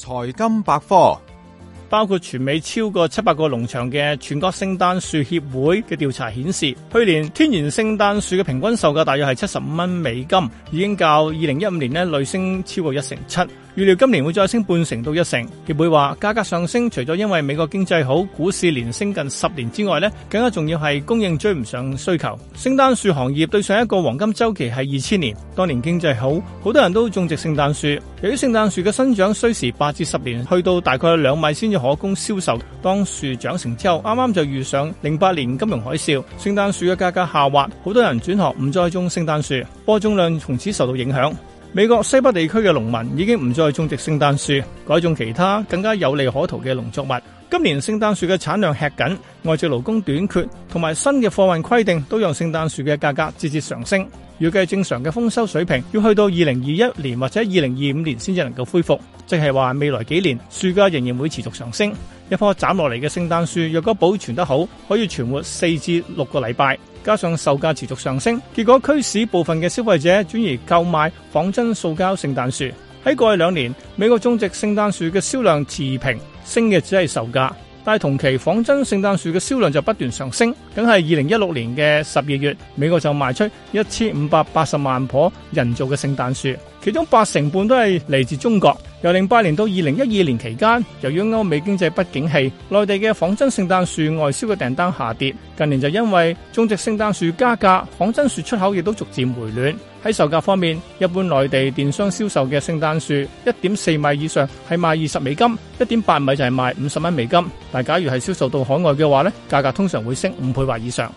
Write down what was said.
財金百科。包括全美超過七百個農場嘅全國聖誕樹協會嘅調查顯示，去年天然聖誕樹嘅平均售價大約係七十五蚊美金，已經較二零一五年呢累升超過一成七。預料今年會再升半成到一成。協會話價格上升，除咗因為美國經濟好，股市連升近十年之外，呢更加重要係供應追唔上需求。聖誕樹行業對上一個黃金週期係二千年，當年經濟好，好多人都種植聖誕樹。由於聖誕樹嘅生長需時八至十年，去到大概兩米先有。可供銷售。當樹長成之後，啱啱就遇上零八年金融海嘯，聖誕樹嘅價格下滑，好多人轉學唔再種聖誕樹，播種量從此受到影響。美國西北地區嘅農民已經唔再種植聖誕樹，改種其他更加有利可圖嘅農作物。今年聖誕樹嘅產量吃緊，外籍勞工短缺同埋新嘅貨運規定，都讓聖誕樹嘅價格節節上升。預計正常嘅豐收水平，要去到二零二一年或者二零二五年先至能夠恢復，即係話未來幾年樹價仍然會持續上升。一棵斬落嚟嘅聖誕樹，若果保存得好，可以存活四至六個禮拜。加上售價持續上升，結果驅使部分嘅消費者轉而購買仿真塑膠聖誕樹。喺過去兩年，美國種植聖誕樹嘅銷量持平，升嘅只係售價。但係同期仿真聖誕樹嘅銷量就不斷上升，梗係二零一六年嘅十二月，美國就賣出一千五百八十萬棵人造嘅聖誕樹。其中八成半都係嚟自中國。由零八年到二零一二年期間，由於歐美經濟不景氣，內地嘅仿真聖誕樹外銷嘅訂單下跌。近年就因為種植聖誕樹加價，仿真樹出口亦都逐漸回暖。喺售價方面，一般內地電商銷售嘅聖誕樹一點四米以上係賣二十美金，一點八米就係賣五十蚊美金。但假如係銷售到海外嘅話呢，價格通常會升五倍或以上。